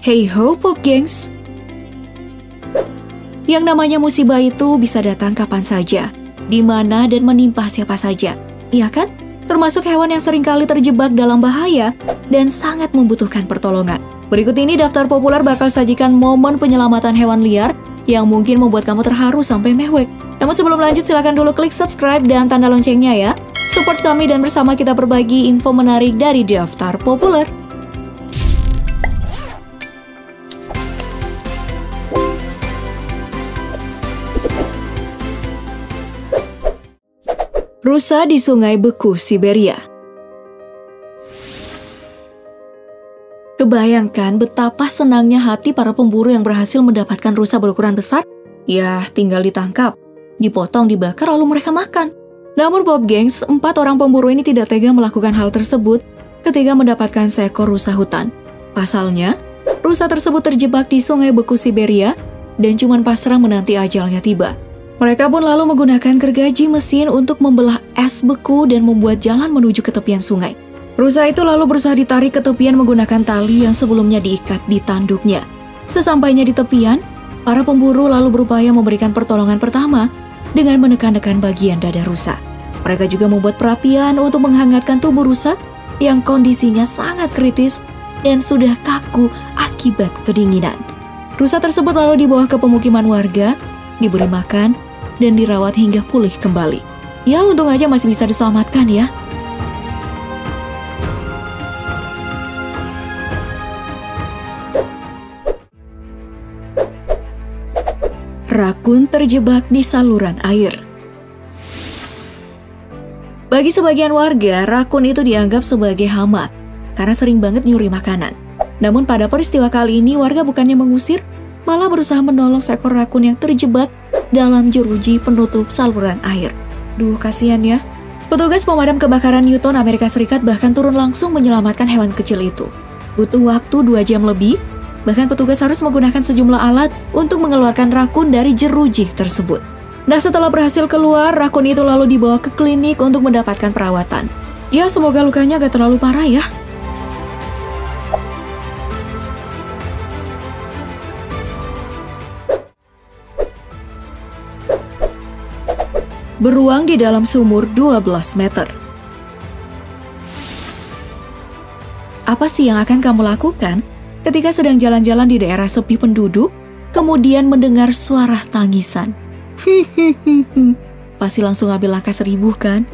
Hey ho Pop Gengs! Yang namanya musibah itu bisa datang kapan saja, di mana dan menimpa siapa saja, iya kan? Termasuk hewan yang seringkali terjebak dalam bahaya dan sangat membutuhkan pertolongan. Berikut ini daftar populer bakal sajikan momen penyelamatan hewan liar yang mungkin membuat kamu terharu sampai mewek. Namun sebelum lanjut silahkan dulu klik subscribe dan tanda loncengnya ya. Support kami dan bersama kita berbagi info menarik dari daftar populer. Rusa di Sungai Beku, Siberia. Kebayangkan betapa senangnya hati para pemburu yang berhasil mendapatkan rusa berukuran besar? Yah, tinggal ditangkap, dipotong, dibakar, lalu mereka makan. Namun Bob Gengs, empat orang pemburu ini tidak tega melakukan hal tersebut ketika mendapatkan seekor rusa hutan. Pasalnya, rusa tersebut terjebak di sungai beku Siberia dan cuman pasrah menanti ajalnya tiba. Mereka pun lalu menggunakan gergaji mesin untuk membelah es beku dan membuat jalan menuju ke tepian sungai. Rusa itu lalu berusaha ditarik ke tepian menggunakan tali yang sebelumnya diikat di tanduknya. Sesampainya di tepian, para pemburu lalu berupaya memberikan pertolongan pertama dengan menekan-nekan bagian dada rusa. Mereka juga membuat perapian untuk menghangatkan tubuh rusa yang kondisinya sangat kritis dan sudah kaku akibat kedinginan. Rusa tersebut lalu dibawa ke pemukiman warga, diberi makan, dan dirawat hingga pulih kembali. Ya untung aja masih bisa diselamatkan ya. Rakun terjebak di saluran air. Bagi sebagian warga, rakun itu dianggap sebagai hama karena sering banget nyuri makanan. Namun pada peristiwa kali ini, warga bukannya mengusir, malah berusaha menolong seekor rakun yang terjebak dalam jeruji penutup saluran air. Duh, kasihan ya. Petugas pemadam kebakaran Newton Amerika Serikat bahkan turun langsung menyelamatkan hewan kecil itu. Butuh waktu 2 jam lebih, bahkan petugas harus menggunakan sejumlah alat untuk mengeluarkan rakun dari jeruji tersebut. Nah, setelah berhasil keluar, rakun itu lalu dibawa ke klinik untuk mendapatkan perawatan. Ya, semoga lukanya gak terlalu parah ya. beruang di dalam sumur 12 meter. Apa sih yang akan kamu lakukan ketika sedang jalan-jalan di daerah sepi penduduk, kemudian mendengar suara tangisan? Pasti langsung ambil langkah seribu kan?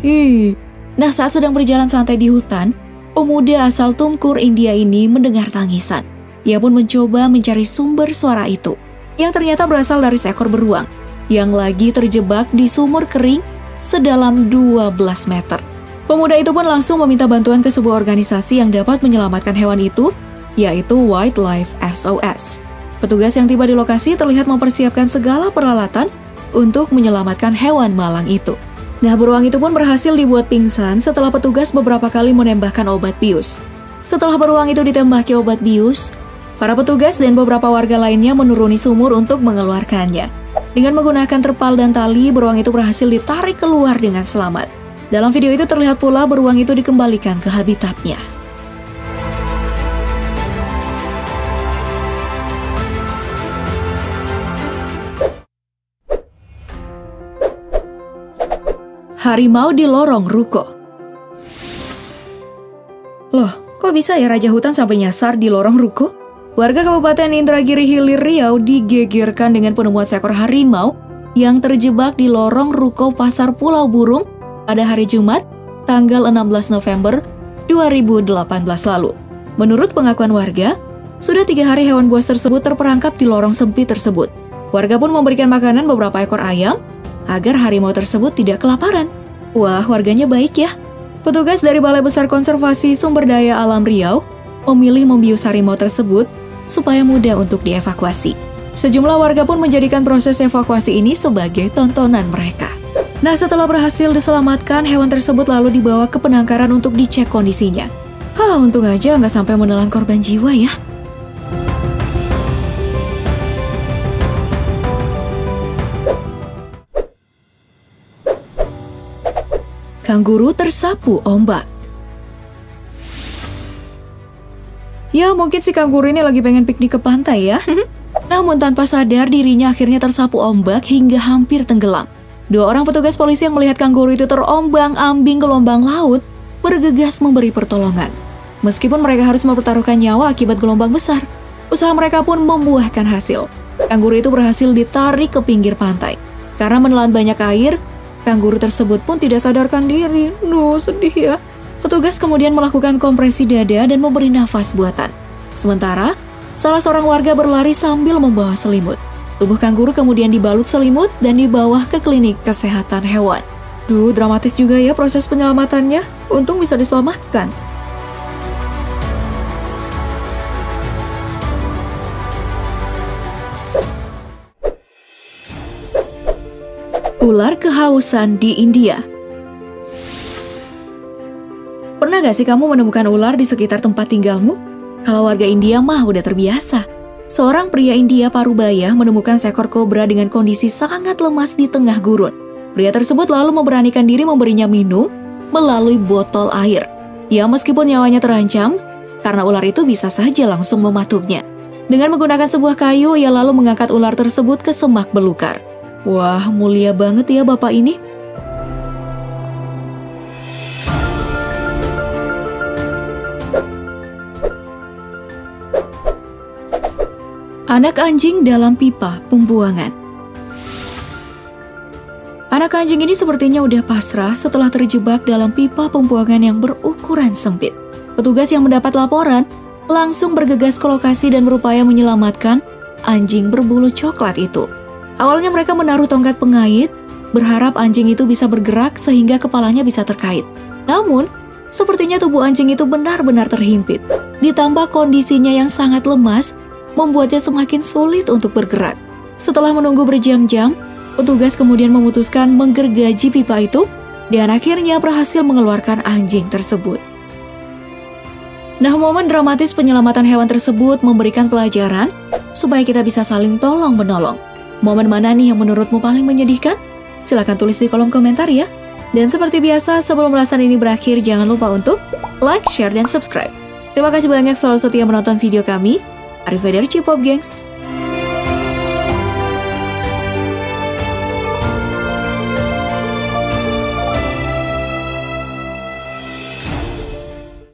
Nah saat sedang berjalan santai di hutan, pemuda asal Tumkur India ini mendengar tangisan. Ia pun mencoba mencari sumber suara itu, yang ternyata berasal dari seekor beruang yang lagi terjebak di sumur kering sedalam 12 meter. Pemuda itu pun langsung meminta bantuan ke sebuah organisasi yang dapat menyelamatkan hewan itu, yaitu Wildlife SOS. Petugas yang tiba di lokasi terlihat mempersiapkan segala peralatan untuk menyelamatkan hewan malang itu. Nah, beruang itu pun berhasil dibuat pingsan setelah petugas beberapa kali menembakkan obat bius. Setelah beruang itu ditembaki obat bius, para petugas dan beberapa warga lainnya menuruni sumur untuk mengeluarkannya. Dengan menggunakan terpal dan tali, beruang itu berhasil ditarik keluar dengan selamat. Dalam video itu terlihat pula beruang itu dikembalikan ke habitatnya. Harimau di lorong ruko. Loh, kok bisa ya raja hutan sampai nyasar di lorong ruko? Warga Kabupaten Indragiri Hilir Riau digegerkan dengan penemuan seekor harimau yang terjebak di lorong ruko Pasar Pulau Burung pada hari Jumat, tanggal 16 November 2018 lalu. Menurut pengakuan warga, sudah tiga hari hewan buas tersebut terperangkap di lorong sempit tersebut. Warga pun memberikan makanan beberapa ekor ayam agar harimau tersebut tidak kelaparan. Wah, warganya baik ya. Petugas dari Balai Besar Konservasi Sumber Daya Alam Riau memilih membius harimau tersebut supaya mudah untuk dievakuasi. Sejumlah warga pun menjadikan proses evakuasi ini sebagai tontonan mereka. Nah, setelah berhasil diselamatkan, hewan tersebut lalu dibawa ke penangkaran untuk dicek kondisinya. Hah, untung aja nggak sampai menelan korban jiwa ya. Kanguru tersapu ombak Ya, mungkin si kangguru ini lagi pengen piknik ke pantai ya. Namun tanpa sadar dirinya akhirnya tersapu ombak hingga hampir tenggelam. Dua orang petugas polisi yang melihat kangguru itu terombang-ambing gelombang laut bergegas memberi pertolongan. Meskipun mereka harus mempertaruhkan nyawa akibat gelombang besar, usaha mereka pun membuahkan hasil. Kangguru itu berhasil ditarik ke pinggir pantai. Karena menelan banyak air, kangguru tersebut pun tidak sadarkan diri. Duh, sedih ya. Petugas kemudian melakukan kompresi dada dan memberi nafas buatan. Sementara, salah seorang warga berlari sambil membawa selimut. Tubuh kanguru kemudian dibalut selimut dan dibawa ke klinik kesehatan hewan. Duh, dramatis juga ya proses penyelamatannya. Untung bisa diselamatkan. Ular kehausan di India Pernah gak sih kamu menemukan ular di sekitar tempat tinggalmu? Kalau warga India mah udah terbiasa. Seorang pria India Parubaya menemukan seekor kobra dengan kondisi sangat lemas di tengah gurun. Pria tersebut lalu memberanikan diri memberinya minum melalui botol air. Ya meskipun nyawanya terancam, karena ular itu bisa saja langsung mematuknya. Dengan menggunakan sebuah kayu, ia lalu mengangkat ular tersebut ke semak belukar. Wah, mulia banget ya bapak ini. Anak anjing dalam pipa pembuangan. Anak anjing ini sepertinya udah pasrah setelah terjebak dalam pipa pembuangan yang berukuran sempit. Petugas yang mendapat laporan langsung bergegas ke lokasi dan berupaya menyelamatkan anjing berbulu coklat itu. Awalnya mereka menaruh tongkat pengait, berharap anjing itu bisa bergerak sehingga kepalanya bisa terkait. Namun, sepertinya tubuh anjing itu benar-benar terhimpit. Ditambah kondisinya yang sangat lemas, membuatnya semakin sulit untuk bergerak. Setelah menunggu berjam-jam, petugas kemudian memutuskan menggergaji pipa itu dan akhirnya berhasil mengeluarkan anjing tersebut. Nah, momen dramatis penyelamatan hewan tersebut memberikan pelajaran supaya kita bisa saling tolong-menolong. Momen mana nih yang menurutmu paling menyedihkan? Silahkan tulis di kolom komentar ya. Dan seperti biasa, sebelum ulasan ini berakhir, jangan lupa untuk like, share, dan subscribe. Terima kasih banyak selalu setia menonton video kami. Arrivederci Pop Gengs.